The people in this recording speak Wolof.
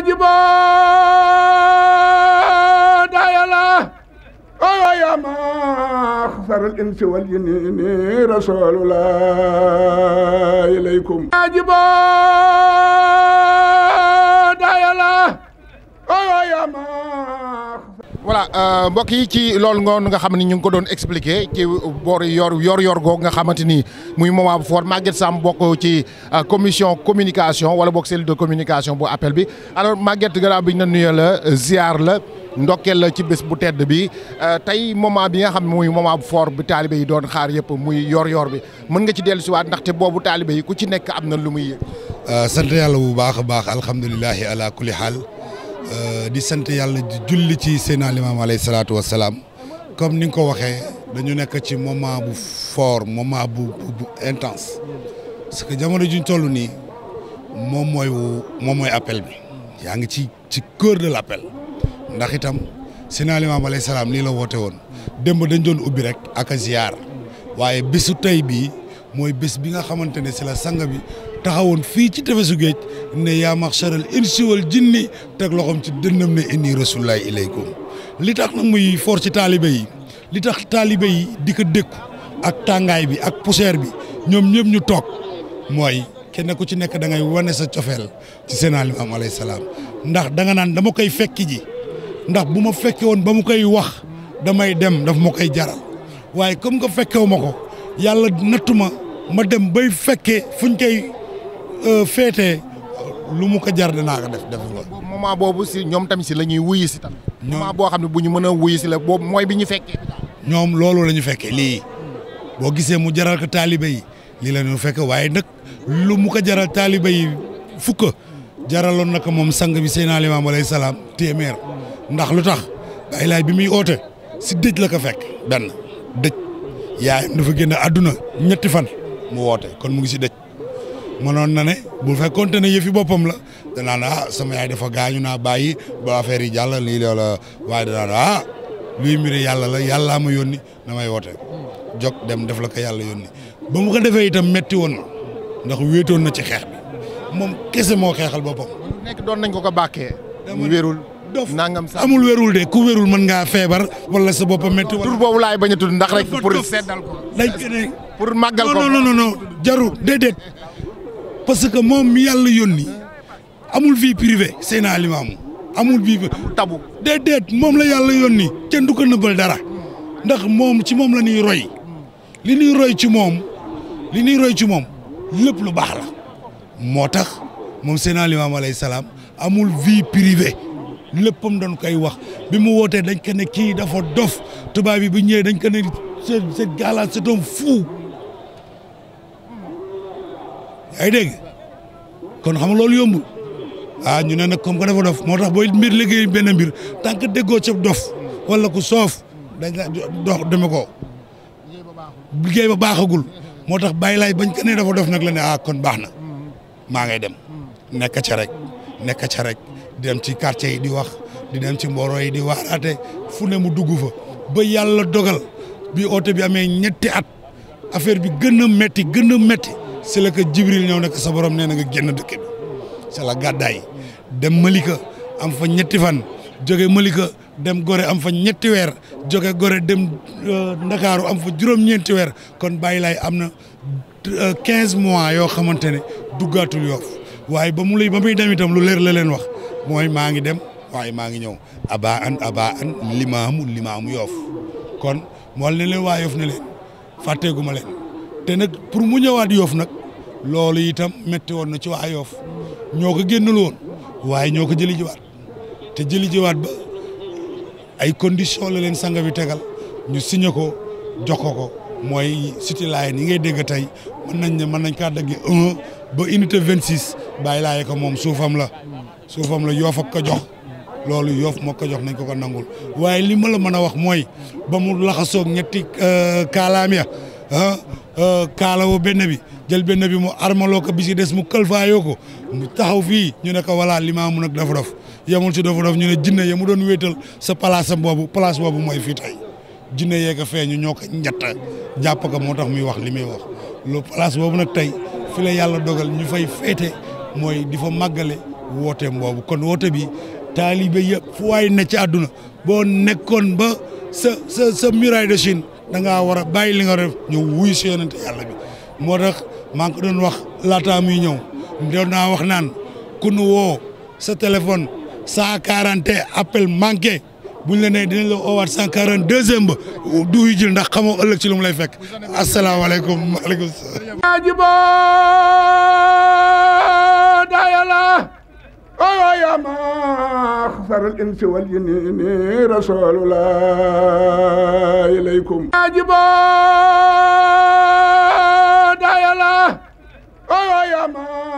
واجبا دايا لا ويا ما خسر الانس والجن رسول الله اليكم واجبا mbokk yi ci loolu ngoon nga xam ni ñu ngi ko doon expliqué ci boor yor yor yor googu nga xamante ni muy moment bu fort Maguette Samb bokk ci euh, commission communication wala bokk cellule de communication bu appel bi alors Maguette gannaaw bi ñu doon nuyoo la ziar la ndokkeel la ci bés bu tedd bi euh, tey moment bi nga xam ne muy moment bu fort bi yi doon xaar yëpp muy yor yor bi mën nga ci dellusiwaat ndaxte boobu taalibe yi ku ci nekk am na lu muy yëg. Euh, sant yàlla bu baax a baax alhamdulilah ala kulli xaal. Euh, di sant yàlla di julli ci Seydina Limaamu alayhi salaatu wa salaam comme ni nga ko waxee dañu nekk ci moment bu foor moment bu bu intense parce que jamono juñ toll nii moom mooy moom mooy appel bi yaa ngi ci ci cœur de l'appel ndax itam Seydina Limaamu alayhi salaam lii la woote woon démb dañ doon ubbi rek ak a ziyaar waaye bésu tey bii mooy bés bi nga xamante ne si la sang bi taxawoon fii ci tefesu géej ne yaa maxsaral insi wal jinni teg loxoom ci dënnam ne inni rasulullahi ilaykum li tax nag muy foor ci taalibe yi li tax taalibe yi di ko dékku ak tàngaay bi ak poussière bi ñoom ñëpp ñu toog mooy kenn ku ci nekk da ngay wane sa cofeel ci seen alimaam alayhi salaam ndax da nga naan dama koy fekki ji ndax bu ma fekke woon ba mu koy wax damay dem daf ma koy jaral waaye comme que wu ma ko yàlla nattu ma ma dem bay fekkee fu koy Euh, féetee lu mu ko jar dinaa ko def def ko. moment boobu si ñoom tamit si la ñuy wuyu si tam. moment boo xam ne bu ñu mën a wuyu si la boobu mooy bi ñu ñoom loolu la ñu fekkee lii boo gisee mu jaral ko taalibe yi lii la ñu fekkee waaye nag lu mu ko jaral taalibe yi fukk jaraloon na ko moom sang bi Seydina Limaamu alayhi salaam téeméer ndax lu tax Baay Laay bi muy oote si dëj la ko fekk benn dëj yaayam dafa génn àdduna ñetti fan mu woote kon mu ngi si dëj. mënoon na ne bu fekkoonte ne yëfi boppam la danaa ne ah, sama yaay dafa gaañu naa bàyyi ba affaire yi jàll lii loola waaye danaa ne ah luy mbiri yàlla la yàlla ma yónni may woote jog dem def la ko yàlla yónni ba mu ko defee itam metti woon ndax wéetoon na ci xeex bi moom kese moo xeexal boppam. nekk doon nañ ko ko bàkkee. wérul dof nangam sax amul wérul de ku wérul mën ngaa feebar wala sa boppam metti wala. tur boobu laay bañ a ndax rek. pour seddal ko. pour màggal parce que moom mi yàlla yónni amul vie privée Seydina Limaamu amul vie tabu déedéet moom la yàlla yónni kenn du na nëbbal dara ndax moom ci moom la ñuy roy li ñuy roy ci moom li ñuy roy ci moom lépp lu baax moo tax moom Seydina Limaamu alayhi salaam amul vie privée léppam dañ koy wax bi mu wootee dañ ko kii dafa dof tubaab bi bu dañ ko ne c'est c'est gala ay dégg kon xam nga loolu yombul ah ñu ne nag comme que dafa dof moo tax booy mbir liggéey benn mbir tant que déggoo ca dof wala ku soof dañ la deme ko liggéey ba baaxagul moo tax bàyyi laay bañ ko ne dafa dof nag la ne ah kon baax na maa ngay dem nekk ca rek nekk ca rek di dem ci karce yi di wax di dem ci mbooro yi di waxaate fu ne mu dugg fa ba yàlla dogal bi oote bi amee ñetti at affaire bi gën metti gën a metti si la ko Jibril ñëw nekk sa borom nee na nga génn dëkk bi si gàddaay dem Malika am fa ñetti fan jóge Malika dem gore am fa ñetti weer jóge gore dem euh, Ndakaaru am fa juróom-ñeenti weer kon bàyyi laay am na euh, quinze mois yoo xamante ne duggaatul Yoff waaye ba mu lay ba muy dem lu leer la leen wax mooy maa ngi dem waaye maa ngi ñëw aba an aba an limaamu limaamu Yoff kon mool ne leen waa Yoff ne leen fàtteeguma leen te nag pour mu ñëwaat yoof nag loolu itam métti woon na ci waa yoof ñoo ko génnul woon waaye ñoo ko jëli jiwaat te jëli jiwaat ba ay condition la leen sanga bi tegal ñu signé ko jox ko ko mooy City Line yi ngay dégg tey mën nañ ne mën nañ kaa dagg un ba unité vingt six bàyyi laaye ko moom suufam la suufam la yoof ak ko jox loolu yoof moo ko jox nañ ko ko nangul waaye li ma la mën a wax mooy ba mu laxasoog ñetti euh, kaalaam ya ah, ah kaalawoo benn bi jël benn bi mu armaloo ko bi si des mu këlfaayoo ko mu taxaw fii ñu ne ko voilà limaamu nag dafa dof yemul si dafa dof ñu ne jinne ya mu doon wéetal sa place mboobu boobu boobu mooy fii tey jinne yee ko feeñu ñoo ko ñett jàpp ko moo tax muy wax li muy wax lu place boobu nag tey fi la yàlla dogal ñu fay féete mooy di fa màggale wooteem boobu kon woote bi taalibe yëpp fu waay ne ci àdduna boo nekkoon ba sa sa sa muraille de da ngaa war a bàyyi li nga def ñëw wuy si yonente yàlla bi moo tax maa ngi ko doon wax laataa mu ñëw doon naa wax naan ku nu woo sa téléphone cent quarante appel manqué buñ la ne dina la woowaat cent quarante deuxième ba du jël ndax xamoo ëllëg ci lu mu lay fekk asalaamaaleykum maaleykum salaam. يا ما خسر الإنس والجن رسول الله إليكم أجبا دايلا يا ما